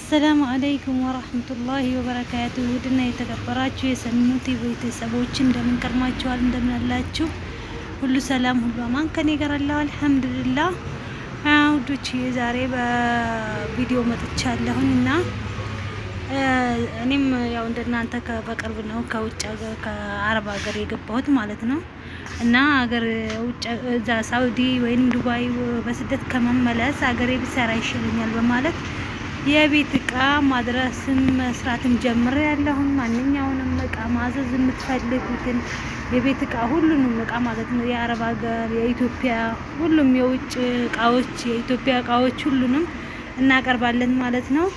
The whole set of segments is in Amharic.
አሰላሙ አለይኩም ወራህመቱላሂ ወበረካቱ ውድና የተከበራችሁ የሰኑት ቤተሰቦች እንደምን ቀርማችኋል? እንደምን አላችሁ? ሁሉ ሰላም፣ ሁሉ አማን ከኔ ጋር አለሁ አልሐምዱሊላህ። ውዶች ዛሬ በቪዲዮ መጥቻለሁኝ እና እኔም ያው እንደናንተ በቅርብ ነው ከውጭ ሀገር ከአረብ ሀገር የገባሁት ማለት ነው እና ሀገር ውጭ እዛ ሳውዲ ወይም ዱባይ በስደት ከመመለስ ሀገሬ ብሰራ ይሻለኛል በማለት የቤት እቃ ማድረስም መስራትም ጀምሬ ያለሁም ማንኛውንም እቃ ማዘዝ የምትፈልጉትን የቤት እቃ ሁሉንም እቃ ማለት ነው። የአረብ ሀገር፣ የኢትዮጵያ፣ ሁሉም የውጭ እቃዎች፣ የኢትዮጵያ እቃዎች ሁሉንም እናቀርባለን ማለት ነው።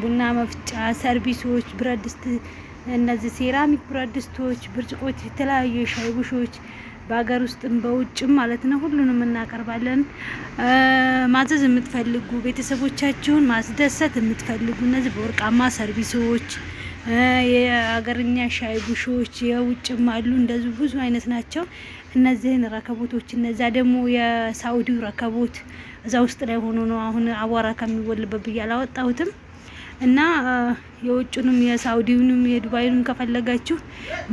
ቡና መፍጫ ሰርቪሶች፣ ብረት ድስት፣ እነዚህ ሴራሚክ ብረት ድስቶች፣ ብርጭቆች፣ የተለያዩ የሻይ ቡሾች በሀገር ውስጥም በውጭም ማለት ነው ሁሉንም እናቀርባለን። ማዘዝ የምትፈልጉ ቤተሰቦቻችሁን ማስደሰት የምትፈልጉ እነዚህ በወርቃማ ሰርቪሶች፣ የሀገርኛ ሻይ ቡሾች የውጭም አሉ እንደዚሁ ብዙ አይነት ናቸው። እነዚህን ረከቦቶች እነዛ ደግሞ የሳውዲው ረከቦት እዛ ውስጥ ላይ ሆኖ ነው አሁን አቧራ ከሚወልበት ብዬ አላወጣሁትም። እና የውጭንም የሳውዲውንም የዱባይንም ከፈለጋችሁ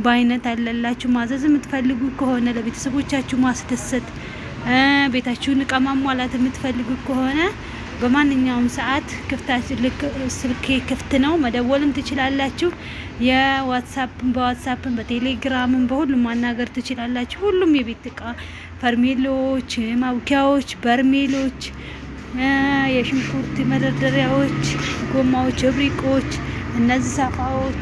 በአይነት አለላችሁ። ማዘዝ የምትፈልጉ ከሆነ ለቤተሰቦቻችሁ ማስደሰት ቤታችሁን እቃ ማሟላት የምትፈልጉ ከሆነ በማንኛውም ሰዓት ስልኬ ክፍት ነው፣ መደወልም ትችላላችሁ። የዋትሳፕን በዋትሳፕን በቴሌግራምን በሁሉም ማናገር ትችላላችሁ። ሁሉም የቤት እቃ ፈርሜሎች፣ ማውኪያዎች በርሜሎች የሽንኩርት መደርደሪያዎች፣ ጎማዎች፣ እብሪቆች፣ እነዚህ ሳፋዎች፣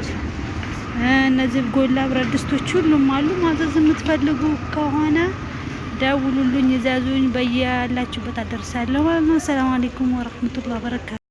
እነዚህ ጎላ ብረት ድስቶች ሁሉም አሉ። ማዘዝ የምትፈልጉ ከሆነ ደውሉልኝ፣ እዘዙኝ። በያላችሁበት አደርሳለሁ ማለት ነው። ሰላም አሌይኩም ወረህመቱላህ በረካቱ